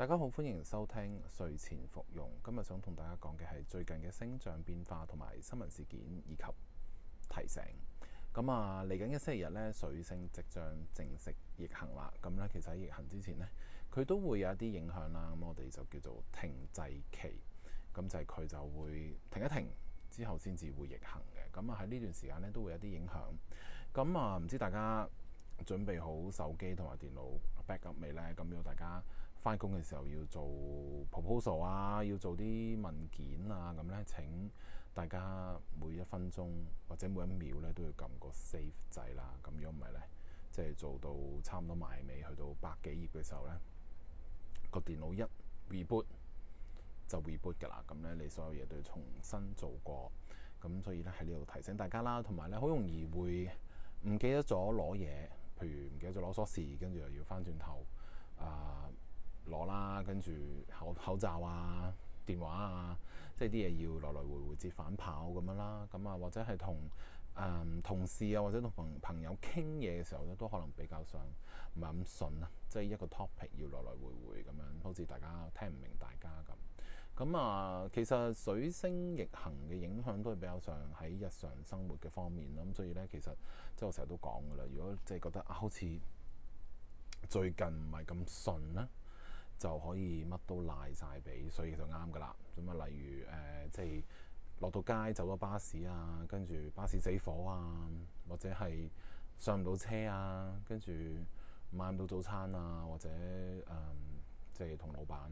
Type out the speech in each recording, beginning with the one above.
大家好，歡迎收聽睡前服用。今日想同大家講嘅係最近嘅星象變化，同埋新聞事件以及提醒。咁啊，嚟緊嘅星期日呢，水星即將正式逆行啦。咁呢，其實喺逆行之前呢，佢都會有一啲影響啦。咁我哋就叫做停滯期，咁就係佢就會停一停之後先至會逆行嘅。咁啊喺呢段時間呢，都會有啲影響。咁啊，唔知大家準備好手機同埋電腦 backup 未呢？咁要大家。翻工嘅時候要做 proposal 啊，要做啲文件啊，咁咧請大家每一分鐘或者每一秒咧都要撳個 save 掣啦。咁樣唔係咧，即係做到差唔多埋尾，去到百幾頁嘅時候咧，個電腦一 reboot 就 reboot 噶啦。咁咧，你所有嘢都要重新做過。咁所以咧喺呢度提醒大家啦，同埋咧好容易會唔記得咗攞嘢，譬如唔記得咗攞鎖匙，跟住又要翻轉頭啊。呃攞啦，跟住口口罩啊、電話啊，即係啲嘢要來來回回接反跑咁樣啦。咁啊，或者係同誒同事啊，或者同朋朋友傾嘢嘅時候咧，都可能比較上唔係咁順啊。即係一個 topic 要來來回回咁樣，好似大家聽唔明大家咁。咁啊，其實水星逆行嘅影響都係比較上喺日常生活嘅方面啦。咁所以咧，其實即係我成日都講㗎喇，如果即係覺得啊，好似最近唔係咁順啦。就可以乜都賴晒俾，所以就啱噶啦。咁啊，例如誒、呃，即係落到街，走咗巴士啊，跟住巴士死火啊，或者係上唔到車啊，跟住買唔到早餐啊，或者誒、呃，即係同老闆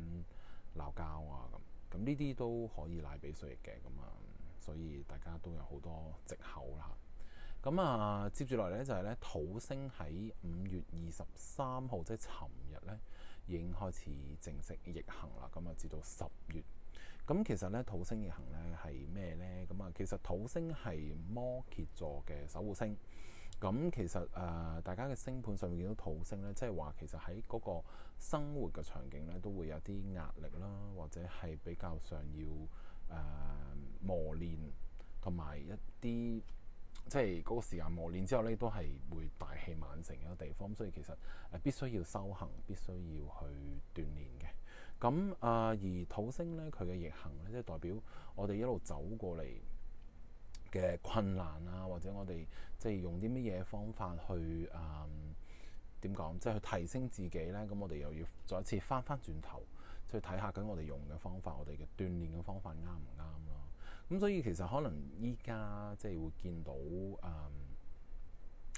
鬧交啊，咁咁呢啲都可以賴俾水嘅咁啊。所以大家都有好多藉口啦。咁啊，接住落嚟咧就係、是、咧，土星喺五月二十三號，即係尋日咧。已經開始正式逆行啦，咁啊，至到十月咁，其實咧土星逆行咧係咩呢？咁啊，其實土星係摩羯座嘅守護星，咁其實誒、呃、大家嘅星盤上面見到土星咧，即係話其實喺嗰個生活嘅場景咧都會有啲壓力啦，或者係比較上要誒、呃、磨練同埋一啲。即係嗰個時間磨練之後呢，都係會大器晚成一個地方，所以其實誒必須要修行，必須要去鍛煉嘅。咁啊、呃，而土星呢，佢嘅逆行呢，即係代表我哋一路走過嚟嘅困難啊，或者我哋即係用啲乜嘢方法去誒點講，即係去提升自己呢。咁我哋又要再一次翻翻轉頭，即係睇下咁我哋用嘅方法，我哋嘅鍛煉嘅方法啱唔啱？咁、嗯、所以其實可能依家即係會見到誒、嗯，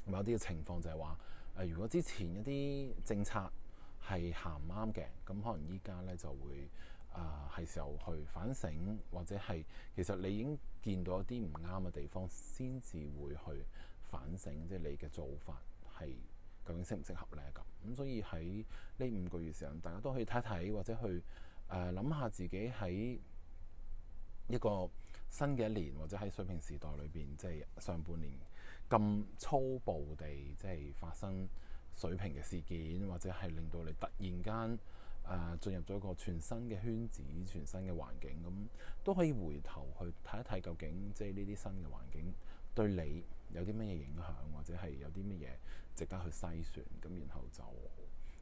某啲嘅情況就係話誒，如果之前一啲政策係行唔啱嘅，咁可能依家咧就會誒係、呃、時候去反省，或者係其實你已經見到一啲唔啱嘅地方，先至會去反省，即係你嘅做法係究竟適唔適合咧咁。咁、嗯、所以喺呢五個月時間，大家都可以睇睇或者去誒諗、呃、下自己喺一個。新嘅一年，或者喺水平時代裏邊，即係上半年咁粗暴地，即係發生水平嘅事件，或者係令到你突然間誒進入咗一個全新嘅圈子、全新嘅環境，咁都可以回頭去睇一睇，究竟即係呢啲新嘅環境對你有啲乜嘢影響，或者係有啲乜嘢值得去篩選，咁然後就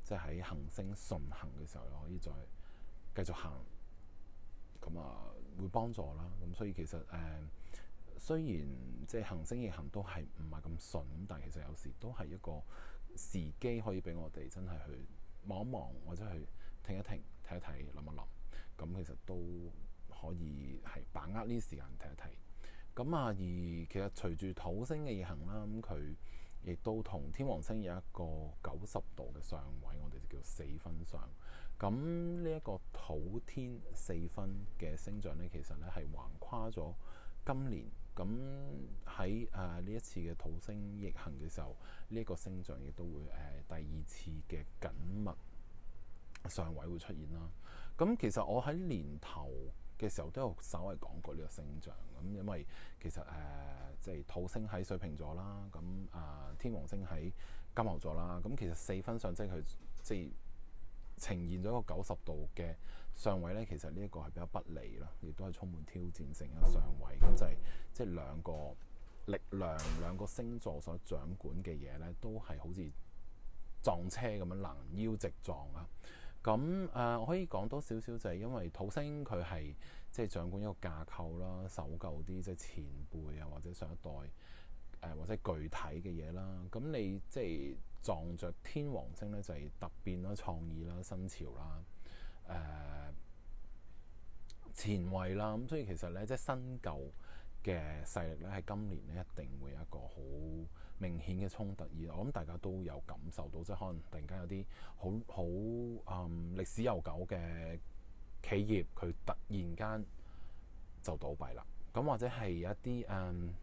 即係喺行星順行嘅時候，又可以再繼續行。咁啊，會幫助啦。咁所以其實誒、呃，雖然即係行星逆行都係唔係咁順，但係其實有時都係一個時機，可以俾我哋真係去望一望，或者去停一停，睇一睇，諗一諗。咁其實都可以係把握呢啲時間睇一睇。咁啊，而其實隨住土星嘅逆行啦，咁佢亦都同天王星有一個九十度嘅相位，我哋就叫四分相。咁呢一個土天四分嘅星象呢，其實呢係橫跨咗今年。咁喺誒呢一次嘅土星逆行嘅時候，呢、這、一個星象亦都會誒、呃、第二次嘅緊密上位會出現啦。咁其實我喺年頭嘅時候都有稍微講過呢個星象咁，因為其實誒即係土星喺水瓶座啦，咁啊、呃、天王星喺金牛座啦，咁其實四分上即係佢即係。即係呈現咗一個九十度嘅上位咧，其實呢一個係比較不利咯，亦都係充滿挑戰性嘅上位，咁就係即係兩個力量、兩個星座所掌管嘅嘢咧，都係好似撞車咁樣，攔腰直撞啊！咁誒、呃，我可以講多少少就係因為土星佢係即係掌管一個架構啦，守舊啲，即係前輩啊，或者上一代。誒、或者具體嘅嘢啦，咁你即係撞着天王星咧，就係、是、突變啦、創意啦、新潮啦、誒、呃、前衞啦，咁、嗯、所以其實咧，即係新舊嘅勢力咧，喺今年咧一定會有一個好明顯嘅衝突，而我諗大家都有感受到，即係可能突然間有啲好好誒歷史悠久嘅企業，佢突然間就倒閉啦，咁、嗯、或者係有一啲誒。嗯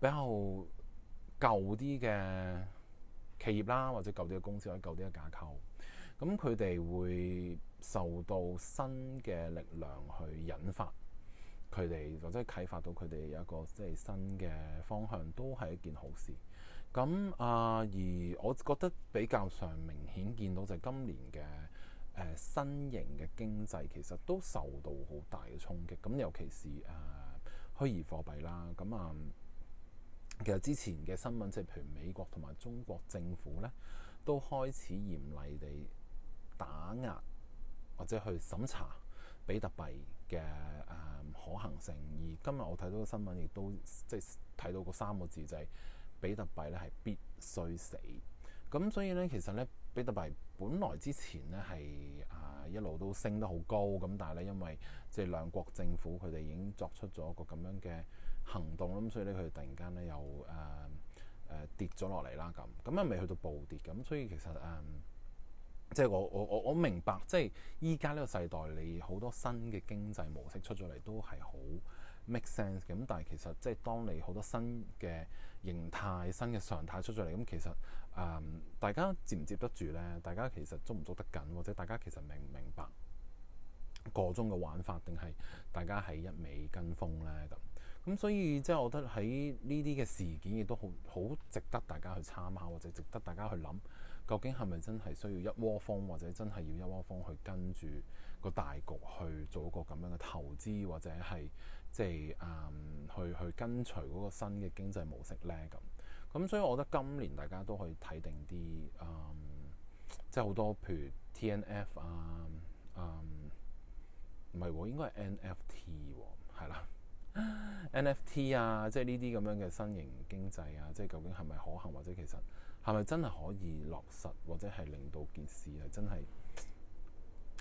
比較舊啲嘅企業啦，或者舊啲嘅公司，或者舊啲嘅架構，咁佢哋會受到新嘅力量去引發佢哋，或者啟發到佢哋有一個即係新嘅方向，都係一件好事。咁啊、呃，而我覺得比較上明顯見到就係今年嘅誒、呃、新型嘅經濟其實都受到好大嘅衝擊。咁尤其是誒、呃、虛擬貨幣啦，咁啊。呃其實之前嘅新聞，即係譬如美國同埋中國政府咧，都開始嚴厲地打壓或者去審查比特幣嘅誒可行性。而今日我睇到嘅新聞，亦都即係睇到個三個字，就係比特幣咧係必須死。咁所以咧，其實咧比特幣本來之前咧係啊一路都升得好高，咁但係咧因為即係兩國政府佢哋已經作出咗個咁樣嘅行動，咁所以咧，佢突然間咧又誒誒、呃呃、跌咗落嚟啦。咁咁又未去到暴跌咁，所以其實誒、嗯，即係我我我我明白，即係依家呢個世代，你好多新嘅經濟模式出咗嚟都係好 make sense。咁但係其實即係當你好多新嘅形態、新嘅常態出咗嚟，咁其實誒、嗯，大家接唔接得住咧？大家其實捉唔捉得緊，或者大家其實明唔明白個中嘅玩法，定係大家喺一味跟風咧？咁。咁所以即係、就是，我覺得喺呢啲嘅事件亦都好好值得大家去參考，或者值得大家去諗，究竟係咪真係需要一窩蜂，或者真係要一窩蜂去跟住個大局去做一個咁樣嘅投資或者係即係誒去去跟隨嗰個新嘅經濟模式咧？咁咁所以我覺得今年大家都可以睇定啲誒，即係好多譬如 T N F 啊、嗯，誒唔係喎，應該係 N F T 喎，係啦。NFT 啊，即係呢啲咁樣嘅新型經濟啊，即係究竟係咪可行，或者其實係咪真係可以落實，或者係令到件事係真係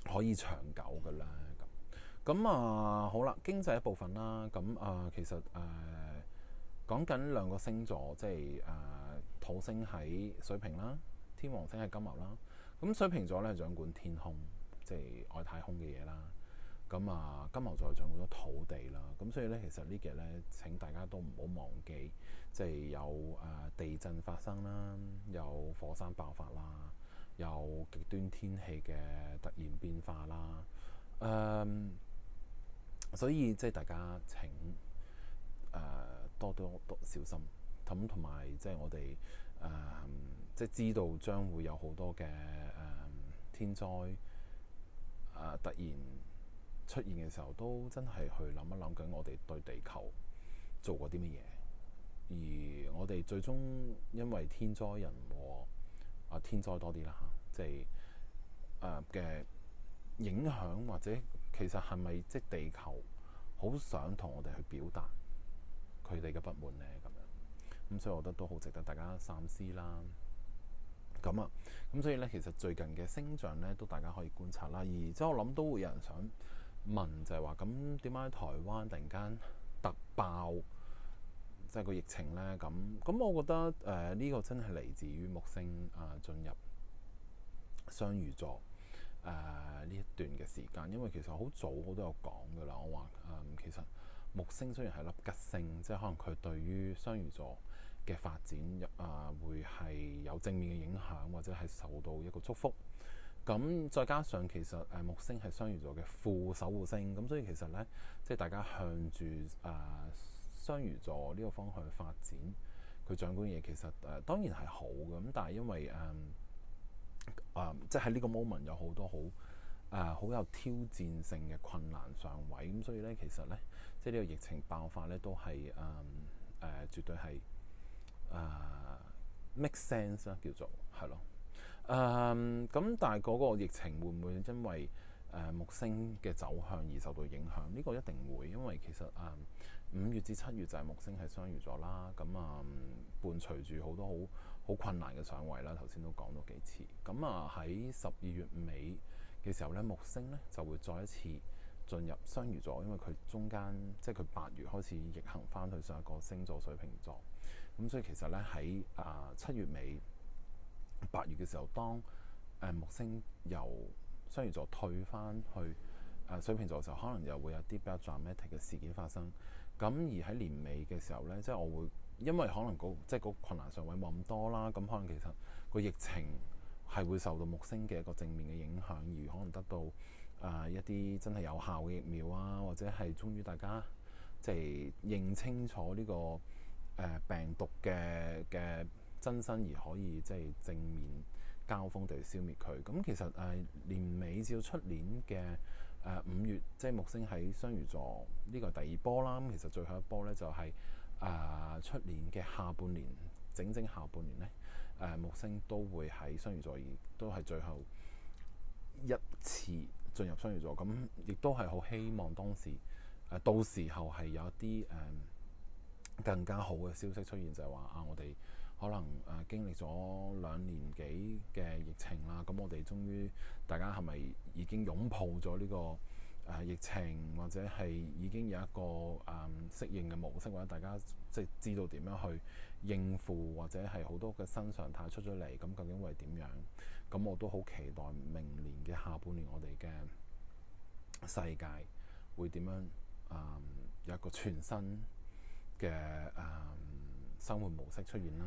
可以長久噶啦？咁咁啊，好啦，經濟一部分啦，咁啊，其實誒講緊兩個星座，即係誒、呃、土星喺水瓶啦，天王星係金牛啦。咁水瓶座咧係掌管天空，即係外太空嘅嘢啦。咁啊，金牛座仲好多土地啦，咁所以咧，其實呢幾日咧，請大家都唔好忘記，即、就、係、是、有誒、呃、地震發生啦，有火山爆發啦，有極端天氣嘅突然變化啦，嗯、呃，所以即係大家請誒、呃、多多多小心，咁同埋即係我哋誒、呃、即係知道將會有好多嘅誒、呃、天災誒、呃、突然出現嘅時候，都真係去諗一諗緊，我哋對地球做過啲乜嘢？而我哋最終因為天災人禍啊，天災多啲啦嚇，即係誒嘅影響，或者其實係咪即地球好想同我哋去表達佢哋嘅不滿呢？咁樣咁，所以我覺得都好值得大家三思啦。咁啊，咁所以呢，其實最近嘅星象呢，都大家可以觀察啦。而即係我諗都會有人想。問就係話，咁點解台灣突然間突爆即係、就是、個疫情呢？咁咁，我覺得誒呢、呃這個真係嚟自於木星啊、呃、進入雙魚座誒呢、呃、一段嘅時間，因為其實好早我都有講㗎喇，我話誒、呃、其實木星雖然係粒吉星，即係可能佢對於雙魚座嘅發展啊、呃、會係有正面嘅影響，或者係受到一個祝福。咁再加上其實誒木星係雙魚座嘅副守護星，咁所以其實咧，即係大家向住誒、呃、雙魚座呢個方向發展，佢掌管嘢其實誒、呃、當然係好嘅，咁但係因為誒誒、呃、即係呢個 moment 有好多好誒好有挑戰性嘅困難上位，咁所以咧其實咧，即係呢個疫情爆發咧都係誒誒絕對係誒、呃、make sense 啦，叫做係咯。誒咁，um, 但係嗰個疫情會唔會因為誒、呃、木星嘅走向而受到影響呢？個一定會，因為其實誒五、嗯、月至七月就係木星係雙魚座啦。咁啊，嗯，伴隨住好多好好困難嘅上位啦。頭先都講咗幾次。咁啊，喺十二月尾嘅時候咧，木星咧就會再一次進入雙魚座，因為佢中間即係佢八月開始逆行翻去上一個星座水瓶座。咁所以其實咧喺啊七月尾，八月嘅時候，當誒、呃、木星由雙魚座退翻去誒、呃、水瓶座嘅時候，可能又會有啲比較 dramatic 嘅事件發生。咁而喺年尾嘅時候咧，即係我會因為可能、那個即係個困難上位冇咁多啦，咁可能其實個疫情係會受到木星嘅一個正面嘅影響，而可能得到誒、呃、一啲真係有效嘅疫苗啊，或者係終於大家即係認清楚呢、這個誒、呃、病毒嘅嘅真身，而可以即係正面交鋒地消滅佢。咁其實，誒，年尾至到出年嘅誒五月，即係木星喺雙魚座呢個第二波啦。咁其實最後一波咧，就係誒出年嘅下半年，整整下半年咧，誒木星都會喺雙魚座，亦都係最後一次進入雙魚座。咁亦都係好希望當時誒到時候係有一啲誒更加好嘅消息出現，就係、是、話啊，我哋。可能誒經歷咗兩年幾嘅疫情啦，咁我哋終於大家係咪已經擁抱咗呢、這個誒、呃、疫情，或者係已經有一個誒適、嗯、應嘅模式，或者大家即係知道點樣去應付，或者係好多嘅新常態出咗嚟，咁究竟會點樣？咁我都好期待明年嘅下半年我哋嘅世界會點樣、嗯、有一個全新嘅誒。嗯生活模式出現啦。